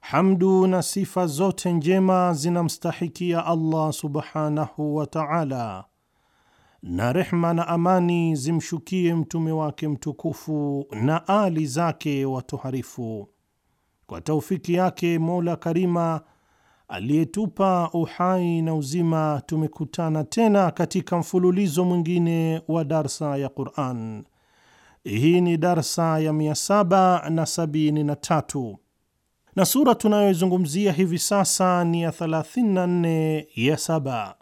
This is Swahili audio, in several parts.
Hamdu na sifa zote njema zinamstahikia Allah subhanahu wa ta'ala, na rehma na amani zimshukie mtume wake mtukufu na ali zake watoharifu. Kwa taufiki yake Mola Karima aliyetupa uhai na uzima, tumekutana tena katika mfululizo mwingine wa darsa ya Qur'an. Hii ni darsa ya 773 na sura tunayoizungumzia hivi sasa ni ya 34 ya saba.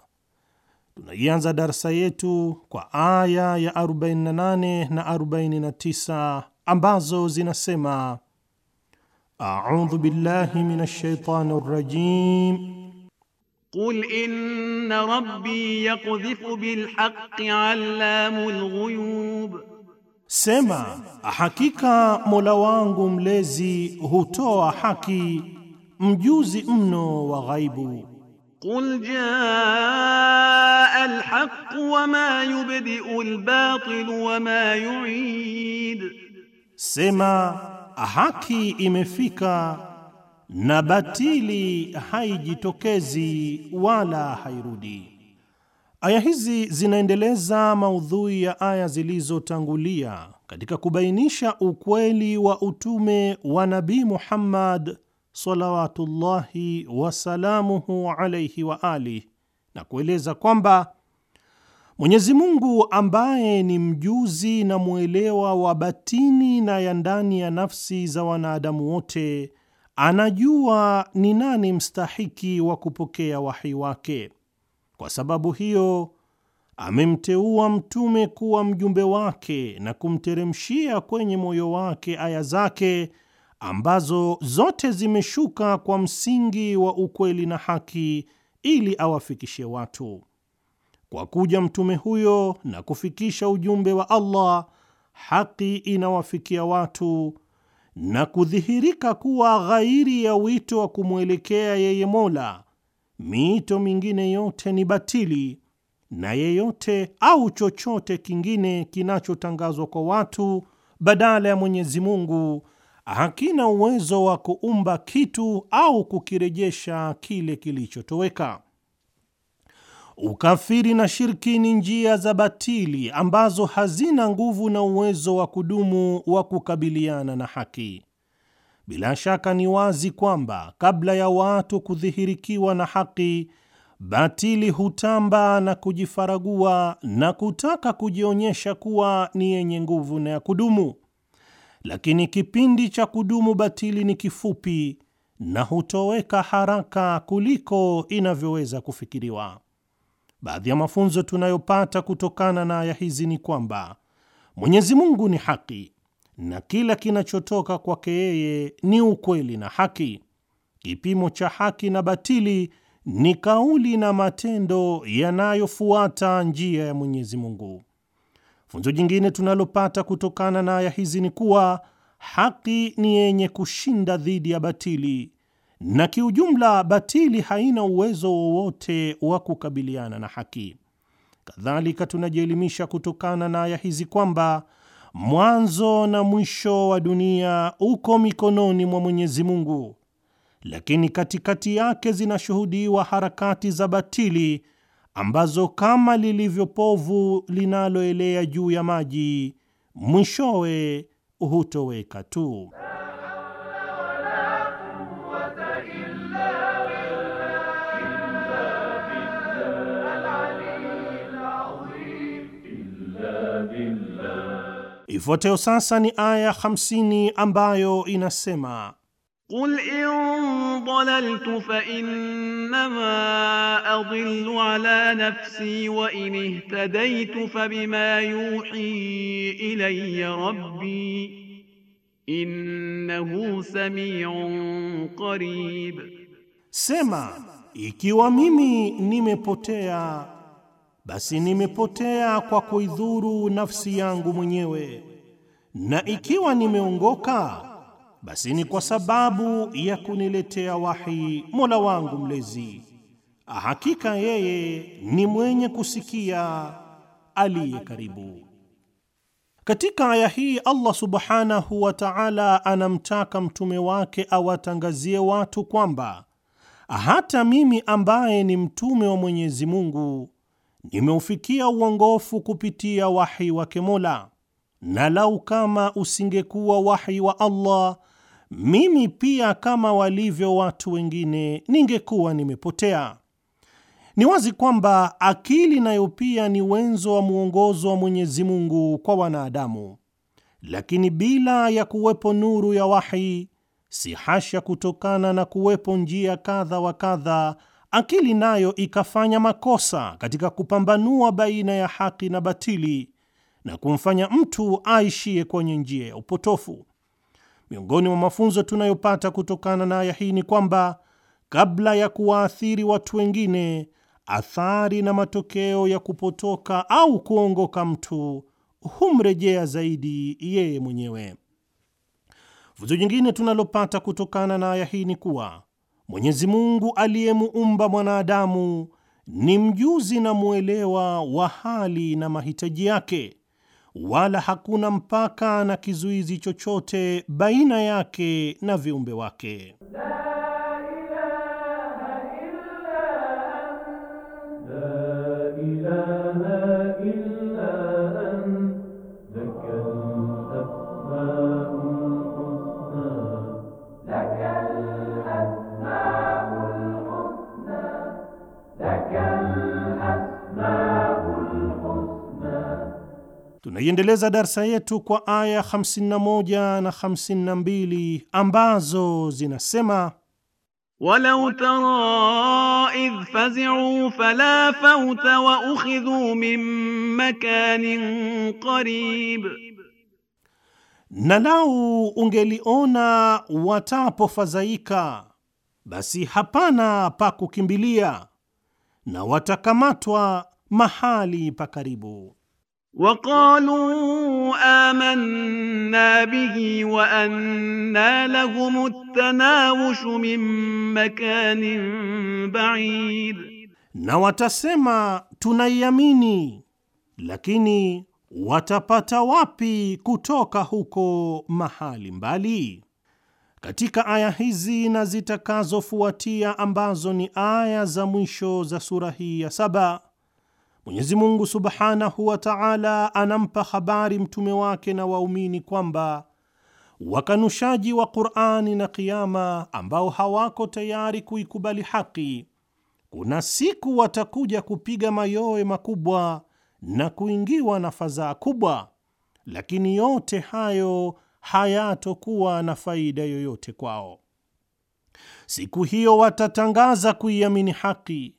Tunaianza darsa yetu kwa aya ya 48 na 49 ambazo zinasema: audhu billahi minash shaitani rajim Qul inna rabbi yakdhifu bilhaqqi allamul ghuyub Sema, hakika Mola wangu mlezi hutoa haki, mjuzi mno wa ghaibu. Qul jaa alhaq wa ma yubdiu albatil wa ma yuid, sema haki imefika na batili haijitokezi wala hairudi. Aya hizi zinaendeleza maudhui ya aya zilizotangulia katika kubainisha ukweli wa utume wa Nabii Muhammad salawatullahi wasalamuhu alaihi wa ali, na kueleza kwamba Mwenyezi Mungu ambaye ni mjuzi na mwelewa wa batini na ya ndani ya nafsi za wanadamu wote anajua ni nani mstahiki wa kupokea wahi wake kwa sababu hiyo amemteua mtume kuwa mjumbe wake na kumteremshia kwenye moyo wake aya zake ambazo zote zimeshuka kwa msingi wa ukweli na haki ili awafikishe watu. Kwa kuja mtume huyo na kufikisha ujumbe wa Allah, haki inawafikia watu na kudhihirika kuwa ghairi ya wito wa kumwelekea yeye Mola miito mingine yote ni batili na yeyote au chochote kingine kinachotangazwa kwa watu badala ya Mwenyezi Mungu hakina uwezo wa kuumba kitu au kukirejesha kile kilichotoweka. Ukafiri na shirki ni njia za batili ambazo hazina nguvu na uwezo wa kudumu wa kukabiliana na haki. Bila shaka ni wazi kwamba kabla ya watu kudhihirikiwa na haki, batili hutamba na kujifaragua na kutaka kujionyesha kuwa ni yenye nguvu na ya kudumu, lakini kipindi cha kudumu batili ni kifupi na hutoweka haraka kuliko inavyoweza kufikiriwa. Baadhi ya mafunzo tunayopata kutokana na aya hizi ni kwamba Mwenyezi Mungu ni haki na kila kinachotoka kwake yeye ni ukweli na haki. Kipimo cha haki na batili ni kauli na matendo yanayofuata njia ya Mwenyezi Mungu. Funzo jingine tunalopata kutokana na aya hizi ni kuwa haki ni yenye kushinda dhidi ya batili, na kiujumla batili haina uwezo wowote wa kukabiliana na haki. Kadhalika tunajielimisha kutokana na aya hizi kwamba mwanzo na mwisho wa dunia uko mikononi mwa Mwenyezi Mungu, lakini katikati yake zinashuhudiwa harakati za batili ambazo kama lilivyo povu linaloelea juu ya maji mwishowe hutoweka tu. Ifuatayo sasa ni aya 50 ambayo inasema Qul in dalaltu fa innama adillu ala nafsi wa in ihtadaytu fa bima yuhi ilayya rabbi innahu samiun qarib, sema ikiwa mimi nimepotea basi nimepotea kwa kuidhuru nafsi yangu mwenyewe, na ikiwa nimeongoka, basi ni kwa sababu ya kuniletea wahi Mola wangu Mlezi. Hakika yeye ni mwenye kusikia, aliye karibu. Katika aya hii Allah subhanahu wa ta'ala anamtaka mtume wake awatangazie watu kwamba hata mimi ambaye ni mtume wa Mwenyezi Mungu nimeufikia uongofu kupitia wahi wake Mola, na lau kama usingekuwa wahi wa Allah, mimi pia kama walivyo watu wengine ningekuwa nimepotea. Ni wazi kwamba akili nayo pia ni wenzo wa mwongozo wa Mwenyezi Mungu kwa wanadamu, lakini bila ya kuwepo nuru ya wahi, si hasha kutokana na kuwepo njia kadha wa kadha akili nayo ikafanya makosa katika kupambanua baina ya haki na batili na kumfanya mtu aishie kwenye njia ya upotofu. Miongoni mwa mafunzo tunayopata kutokana na aya hii ni kwamba kabla ya kuwaathiri watu wengine, athari na matokeo ya kupotoka au kuongoka mtu humrejea zaidi yeye mwenyewe. Funzo jingine tunalopata kutokana na aya hii ni kuwa Mwenyezi Mungu aliyemuumba mwanadamu ni mjuzi na mwelewa wa hali na mahitaji yake, wala hakuna mpaka na kizuizi chochote baina yake na viumbe wake. Tunaiendeleza darsa yetu kwa aya 51 na 52 ambazo zinasema Walau tara idh fazi'u fala fauta wa ukhidhu min makanin qarib, na lau ungeliona watapofadhaika, basi hapana pa kukimbilia na watakamatwa mahali pa karibu. وقالوا آمنا به وأنا لهم التناوش من مكان بعيد, na watasema tunaiamini, lakini watapata wapi kutoka huko mahali mbali? Katika aya hizi na zitakazofuatia ambazo ni aya za mwisho za sura hii ya saba Mwenyezi Mungu subhanahu wa taala anampa habari mtume wake na waumini kwamba wakanushaji wa Qur'ani na kiama ambao hawako tayari kuikubali haki, kuna siku watakuja kupiga mayowe makubwa na kuingiwa na fadhaa kubwa, lakini yote hayo hayatokuwa na faida yoyote kwao. Siku hiyo watatangaza kuiamini haki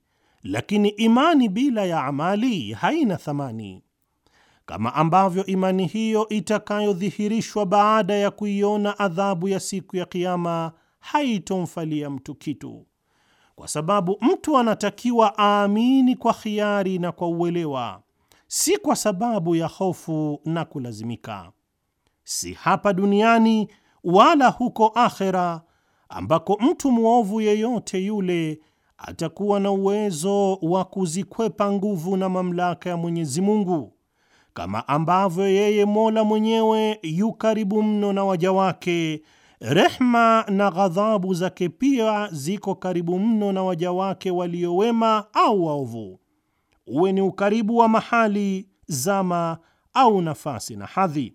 lakini imani bila ya amali haina thamani, kama ambavyo imani hiyo itakayodhihirishwa baada ya kuiona adhabu ya siku ya Kiama haitomfalia mtu kitu, kwa sababu mtu anatakiwa aamini kwa khiari na kwa uelewa, si kwa sababu ya hofu na kulazimika, si hapa duniani wala huko akhera, ambako mtu mwovu yeyote yule atakuwa na uwezo wa kuzikwepa nguvu na mamlaka ya Mwenyezi Mungu, kama ambavyo yeye Mola mwenyewe yu karibu mno na waja wake. Rehma na ghadhabu zake pia ziko karibu mno na waja wake walio wema au waovu, uwe ni ukaribu wa mahali, zama au nafasi na hadhi.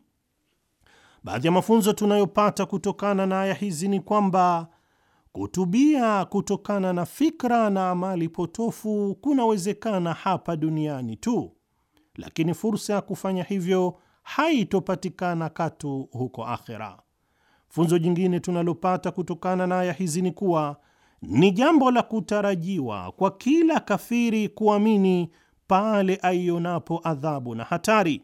Baadhi ya mafunzo tunayopata kutokana na aya hizi ni kwamba Kutubia kutokana na fikra na amali potofu kunawezekana hapa duniani tu, lakini fursa ya kufanya hivyo haitopatikana katu huko akhera. Funzo jingine tunalopata kutokana na aya hizi ni kuwa ni jambo la kutarajiwa kwa kila kafiri kuamini pale aionapo adhabu na hatari,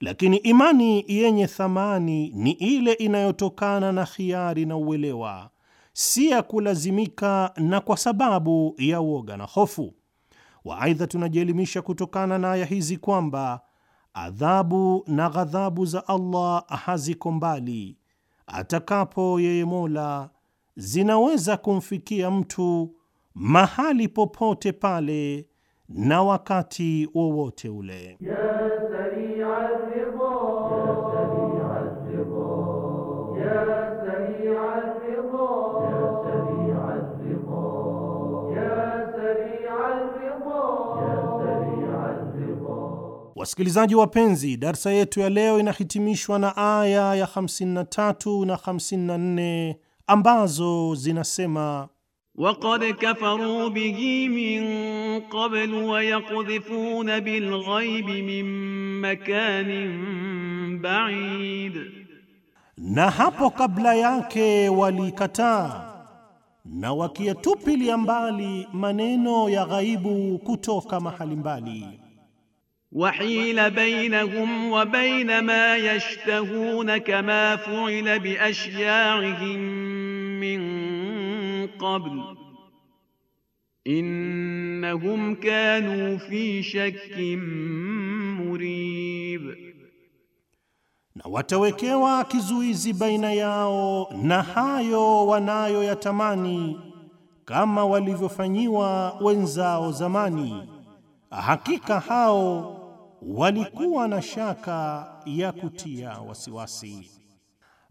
lakini imani yenye thamani ni ile inayotokana na khiari na uelewa si ya kulazimika na kwa sababu ya uoga na hofu. Waaidha, tunajielimisha kutokana na aya hizi kwamba adhabu na ghadhabu za Allah haziko mbali, atakapo yeye Mola zinaweza kumfikia mtu mahali popote pale na wakati wowote ule ya Wasikilizaji wapenzi, darsa yetu ya leo inahitimishwa na aya ya 53 na 54 ambazo zinasema Waqad kafaru bihi min qablu wa yaqdhifuna bil min makanin ba'id, na hapo kabla yake walikataa na wakiyatupilia mbali maneno ya ghaibu kutoka mahali mbali وحيل بينهم وبين ما يشتهون كما فعل بأشياعهم من قبل إنهم كانوا في شك مريب na watawekewa kizuizi baina yao na hayo wanayo yatamani kama walivyofanyiwa wenzao zamani hakika hao walikuwa na shaka ya kutia wasiwasi.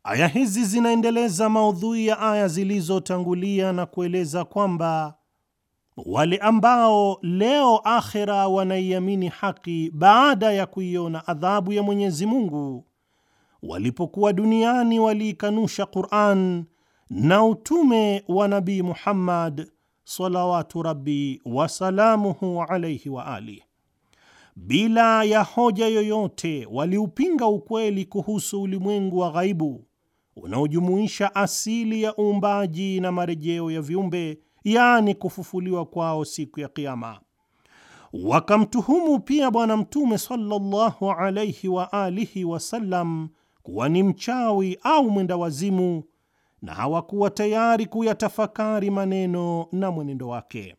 Aya hizi zinaendeleza maudhui ya aya zilizotangulia na kueleza kwamba wale ambao leo akhera wanaiamini haki baada ya kuiona adhabu ya Mwenyezi Mungu, walipokuwa duniani waliikanusha Qur'an na utume wa Nabii Muhammad salawatu rabbi wasalamuhu alayhi wa alihi bila ya hoja yoyote waliupinga ukweli kuhusu ulimwengu wa ghaibu unaojumuisha asili ya uumbaji na marejeo ya viumbe, yaani kufufuliwa kwao siku ya Kiama. Wakamtuhumu pia Bwana Mtume sallallahu alaihi wa alihi wasallam kuwa ni mchawi au mwenda wazimu, na hawakuwa tayari kuyatafakari maneno na mwenendo wake.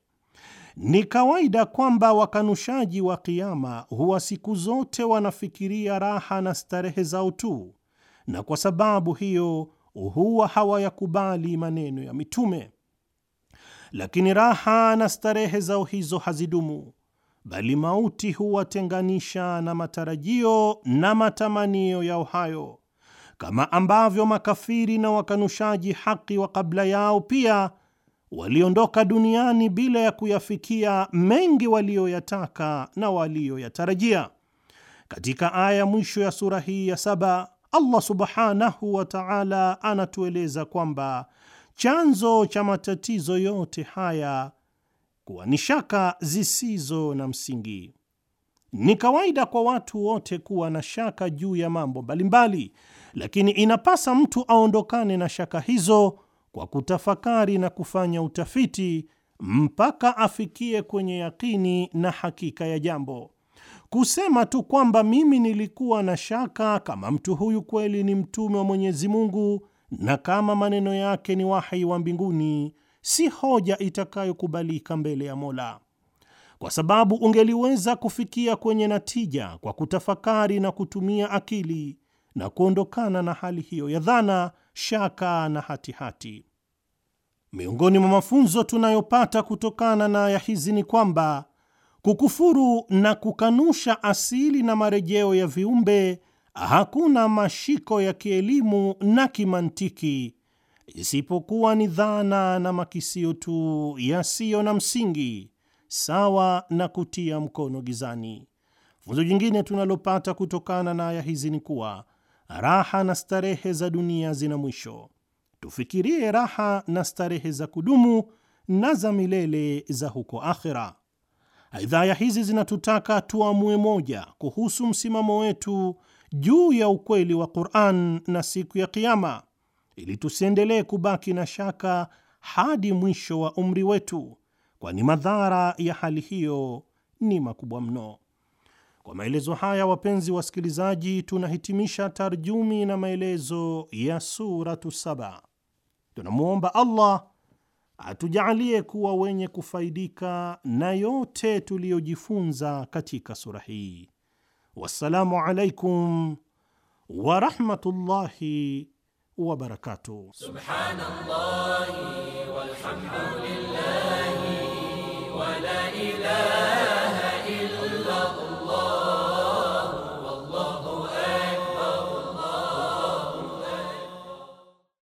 Ni kawaida kwamba wakanushaji wa kiama huwa siku zote wanafikiria raha na starehe zao tu, na kwa sababu hiyo huwa hawayakubali maneno ya mitume. Lakini raha na starehe zao hizo hazidumu, bali mauti huwatenganisha na matarajio na matamanio yao hayo, kama ambavyo makafiri na wakanushaji haki wa kabla yao pia waliondoka duniani bila ya kuyafikia mengi waliyoyataka na waliyoyatarajia. Katika aya mwisho ya sura hii ya saba, Allah subhanahu wa ta'ala anatueleza kwamba chanzo cha matatizo yote haya kuwa ni shaka zisizo na msingi. Ni kawaida kwa watu wote kuwa na shaka juu ya mambo mbalimbali, lakini inapasa mtu aondokane na shaka hizo kwa kutafakari na kufanya utafiti mpaka afikie kwenye yakini na hakika ya jambo. Kusema tu kwamba mimi nilikuwa na shaka kama mtu huyu kweli ni mtume wa Mwenyezi Mungu na kama maneno yake ni wahi wa mbinguni, si hoja itakayokubalika mbele ya Mola, kwa sababu ungeliweza kufikia kwenye natija kwa kutafakari na kutumia akili na kuondokana na hali hiyo ya dhana shaka na hatihati. Miongoni mwa mafunzo tunayopata kutokana na aya hizi ni kwamba kukufuru na kukanusha asili na marejeo ya viumbe hakuna mashiko ya kielimu na kimantiki, isipokuwa ni dhana na makisio tu yasiyo na msingi, sawa na kutia mkono gizani. Funzo jingine tunalopata kutokana na aya hizi ni kuwa raha na starehe za dunia zina mwisho, tufikirie raha na starehe za kudumu na za milele za huko akhira Aidha, aya hizi zinatutaka tuamue moja kuhusu msimamo wetu juu ya ukweli wa Qur'an na siku ya Kiama, ili tusiendelee kubaki na shaka hadi mwisho wa umri wetu, kwani madhara ya hali hiyo ni makubwa mno. Kwa maelezo haya, wapenzi wasikilizaji, tunahitimisha tarjumi na maelezo ya Suratu Saba. Tunamwomba Allah atujaalie kuwa wenye kufaidika na yote tuliyojifunza katika sura hii. Wassalamu alaikum warahmatullahi wabarakatuh. Subhanallah walhamdulillah